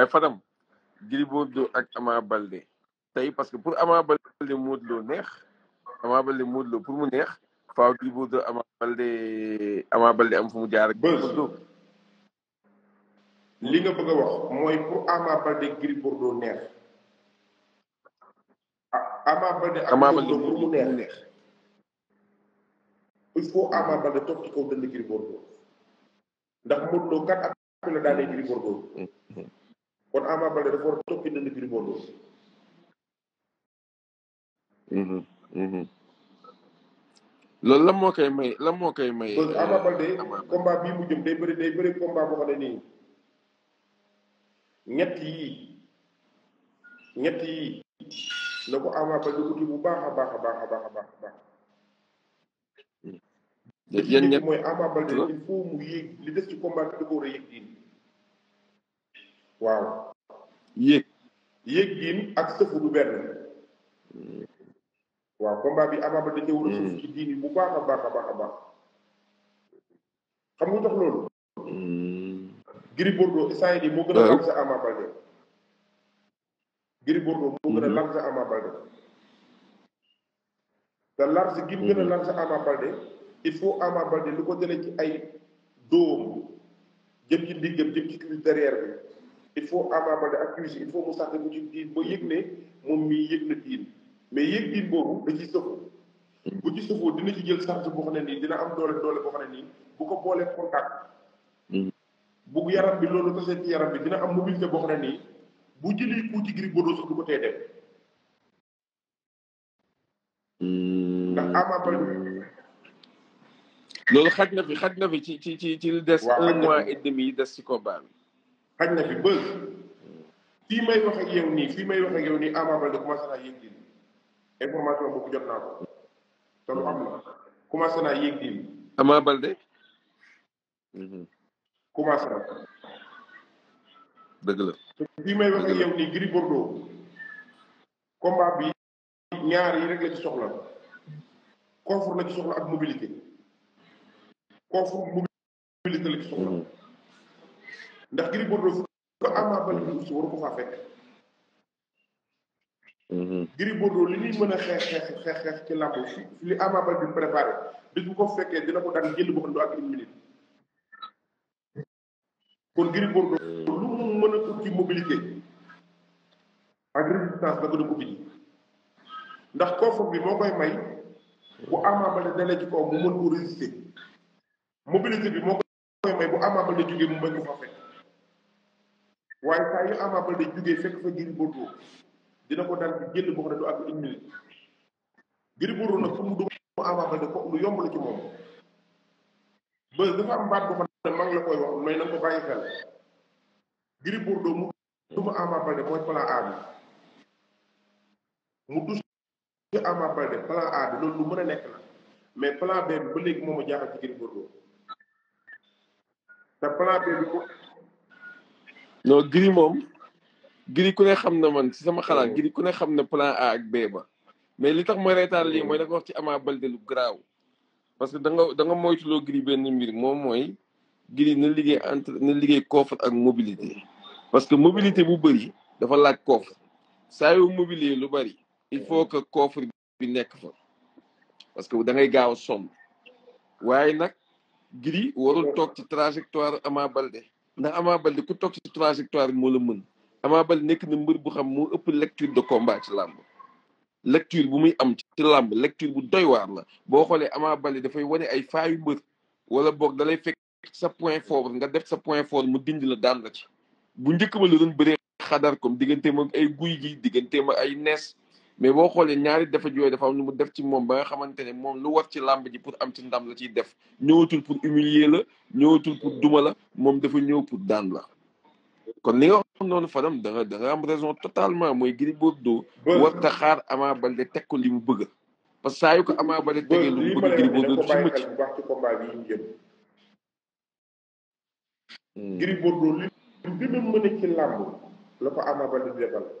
waaye Fadam ak Ama Baldé tey parce que pour Ama Baldé Modou neex Ama Baldé Modou pour mu neex faaw Gris Bordeaux Ama Baldé am fu mu jaar ak Modou li nga bëgg wax mooy pour Ama Baldé Gris neex Ama Baldé pour mu neex il faut Ama Baldé toog ci kaw dënd Gris Bordeaux ndax Modou kat ak la daanee Gris kon Ama Baldé dafa war a toppi na Gris Bordeaux loolu lan moo koy may lan moo koy may. Euh, Ama Baldé combat bii mu jëm day bëri day bëri combat boo xam ne nii ñett yii ñett yii na ko Ama Baldé uti bu baax a baax a baax a baax a baax a baax. Mm. yan ñett mooy Ama Baldé il faut mu yéeg li des ci combat bi da ko war a yéeg diin. waaw yéeg yéeg giin ak sëfu du benn waaw combat bi Ama Baldé dañu war suuf ci mm. diin bu baax a baax a baax a baax xam nga tax loolu mm. Gris Bordeaux instant yii moo gën a lànk sa Ama Baldé Gris Bordeaux moo gën a lànk sa mm-hmm. Ama Baldé si gin gën a mm-hmm. lànk sa Ama Baldé il faut Ama Baldé lu ko jëlee ci ay dóom jëm ci ndiggam jëm ci crise derrière bi il faut Ama Baldé ak Gris il faut mu sàkk ci diin ba yëg ne moom mii yëg na diin mais yëg diin boobu da ciy sëfoo mm. bu ci sëfoo dina ci jël charge boo xam ne nii dina am doole doole boo xam ne nii bu ko boolee contact mm. bu yaram bi loolu tasee ci yaram bi dina am mobilité boo xam ne nii bu jëlee ku ci Gris Bordeaux sax du ko tee dem mm. ndax Ama loolu xaj na fi xaj na fi ci ci ci ci des un mois et demi des ci combat bi xaj na fi bës fii may wax ak nii fii may wax ak nii Ama Baldé commencé naa yéeg diin information boobu jot naa ko te na commencé naa yéeg diin. Ama Baldé. Mhm. commencé na. dëgg la. fii may wax ak nii Gris Bordeaux combat bi ñaar ci soxla confort la ci soxla ak mobilité confort mobilité ci soxla. Mhm. ndax Gris Bordeaux fu ko Ama Baldé di mhm. li ñuy mën a xeex xeex ci làmb fi li Ama Baldé di préparé bis bu ko fekkee dina ko daan jël boo xam ne ak une kon Gris Bordeaux mhm. lu mu mën a ut ci mobilité ak résistance da ko dëgg ji ndax koofam bi moo koy may bu Ama Baldé dalee ci kaw mu mën ko résister mobilité bi moo koy may bu Ama Baldé jógee mu mën ko fa fekk waaye saa yu Ama Baldé jugee fekk fa Gris dina ko daan ci génn boo xam du àgg une minute Gris nag fu mu dugg Ama Baldé ko lu yomb la ci moom ba dafa am mooy na nga mu duma Ama Baldé mooy plan A bi mu loolu mën a nekk la mais plan B bi ba léegi moom a jaaxal ci Gris te plan B bi ko no Gris moom Gris ku ne xam na man si sama xalaat hmm. Gris ku ne xam na plan A ak B ba mais li tax ma reetaan lii hmm. mooy da wax ci Ama Baldé lu garaaw parce que da nga da nga moytuloo Gris benn mbir moom mooy Gris na liggéey entre na liggéey coffre ak mobilité parce que mobilité bu bëri dafa laaj coffre saa yu mobilier lu bëri il faut que coffre bi nekk fa parce que da ngay gaaw a somb waaye nag Gris warul toog ci trajectoire Ama balde ndax Ama Baldé ku toog ci trajectoire moo la mën Ama Baldé nekk na mbër bu xam moo ëpp lecture de combat ci làmb lecture bu muy am ci làmb lecture bu doy waar la boo xoolee Ama Baldé dafay wane ay faayu mbër wala boog dalay fekk sa point fort nga def sa point fort mu dindi la daan la ci bu njëkk ma la doon bëree xadar comme digganteem ak ay guy gi digganteem ak ay nees mais boo xoolee ñaari defet yooyu dafa am lu mu def ci moom ba nga xamante ne moom lu war ci làmb ji pour am ci ndam la ciy def ñëwatul pour humilier la ñëwatul pour duma la moom dafa ñëw pour daan la kon li nga xam noonu Fadam da nga da nga am raison totalement mooy Gris Bordeaux war ta xaar Ama Baldé teg ko li mu bëgg parce que saa yu ko Ama Baldé tegee mu bëgg Gris hmm. li gën a mën a ci làmb la ko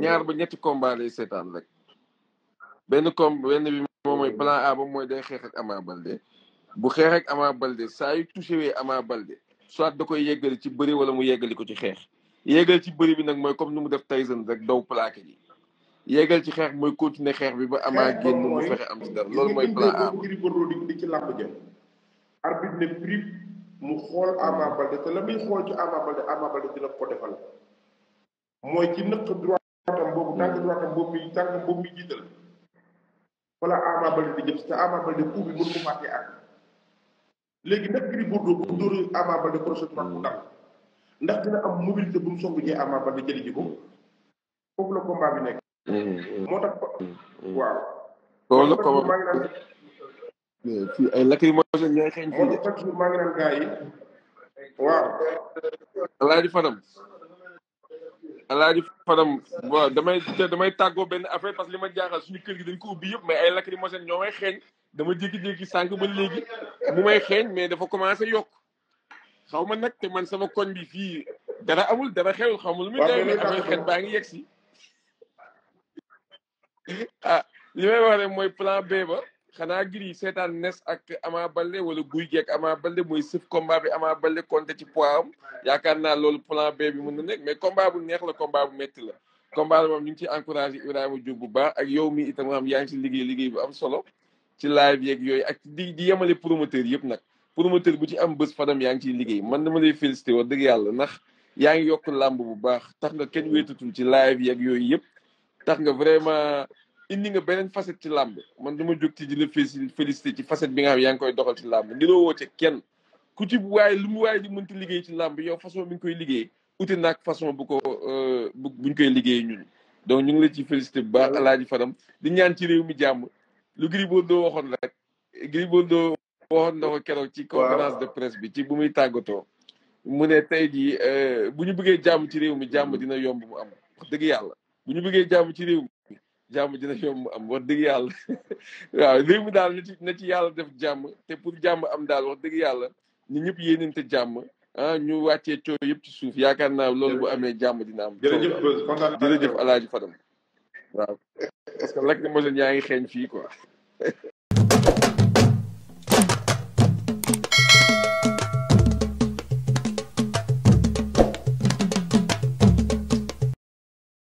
ñaar ba ñetti combat lay seetaan rek benn com benn bi moom mooy plan A ba mooy day xeex ak Ama Balde bu xeex ak Ama saa yu touché wee Ama da koy yeggali ci bëri wala mu yeggali ko ci xeex yeggal ci bëri bi nag mooy comme nu mu def Tyson rek daw plaqué ji yeggal ci xeex mooy continuer xeex bi ba Ama génn mu fexe am ci dara loolu mooy plan A di ci làmb jëm arbitre ne prip mu xool Ama Balde te la muy xool ci Ama Balde Ama Balde dina ko defal mooy ci nëkk atam boobu tànk droit am boobu mi tànk boobu mi jiital wala Ama Baldé di jëm hmm. hmm, hmm. si te Ama Baldé coup bi mënu ko màttee ak léegi nag Gris Bordeaux bu dóoree Ama Baldé crochet droit mu dal ndax dina am mobilité bu mu songu jee Ama Baldé jëli ji ko foofu la combat bi nekk. moo tax waaw. loolu la combat maa ay lacrymogène yaay xeeñ fii de. moo tax maa ngi naan gars yi waaw. alaaji Fadam. alaaji Fadam waaw damay damay tàggoo benn affaire parce que li ma jaaxal suñu kër gi dañ ko ubbi yëpp mais ay lacrymogène ñoo may xeeñ dama jékki-jékki sànq ba léegi mu may xeeñ mais dafa commencé yokk xaw ma nag te man sama koñ bi fii dara amul dara xewul xaw ma lu muy demee affaire xeet baa ngi yegg si ah li may mooy plan B xanaa giri seetaan nes ak Ama Baldé wala guy geeg Ama Baldé mooy sëf combat bi Ama Baldé compté ci poids am yaakaar naa loolu plan B bi mën na nekk mais combat bu neex la combat bu métti la combat moom ñu ngi ciy encouragé Ibrahima Diop bu baax ak yow mi itam am yaa ngi ci liggéey liggéey bu am solo ci live yeeg yooyu ak di di yemale promoteur yëpp nag promoteur bu ci am bés fadam yaa ngi ciy liggéey man dama lay félicité wax dëgg yàlla ndax yaa ngi yokk làmb bu baax tax nga kenn wéetatul ci live yeeg yooyu yëpp tax nga vraiment indi nga beneen facette ci làmb man ma jóg ci di la félicité ci facette bi nga xam yaa ngi koy doxal ci làmb ni loo woote kenn ku ci waaye lu mu waaye di mënti liggéey ci làmb yow façon bi nga koy liggéey uti naag façon bu ko euh, bu buñ koy liggéey ñun donc ñu ngi la ci félicité bu baax alaaji Fadam di ñaan ci réew mi jàmm lu Gris Bordeaux waxoon rek Gris Bordeaux waxoon na ko keroog ci conférence de presse bi ci bu muy tàggatoo mu ne tey jii euh, bu ñu buggee jàmm ci réew mi jàmm dina yomb mu am dëgg yàlla bu ñu bëggee jàmm ci réew mi jàmm dina yomb am wax dëgg yàlla waaw réew mu daal na ci na ci yàlla def jàmm te pour jàmm am daal wax dëgg yàlla ñu ñëpp yéenante jàmm ah ñu wàccee coow yëpp ci suuf yaakaar naa loolu bu amee jàmm dina am. jërëjëf jërëjëf Alaaji Fadam waaw parce que lakk moseen yaa ngi xeeñ fii quoi.